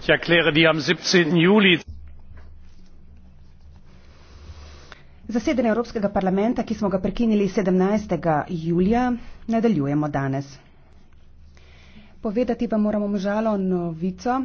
ich erkläre die am. siebzehn juli Zasedanje Evropskega parlamenta, ki smo ga prekinili 17. julija, nadaljujemo danes. Povedati pa moramo žalo novico.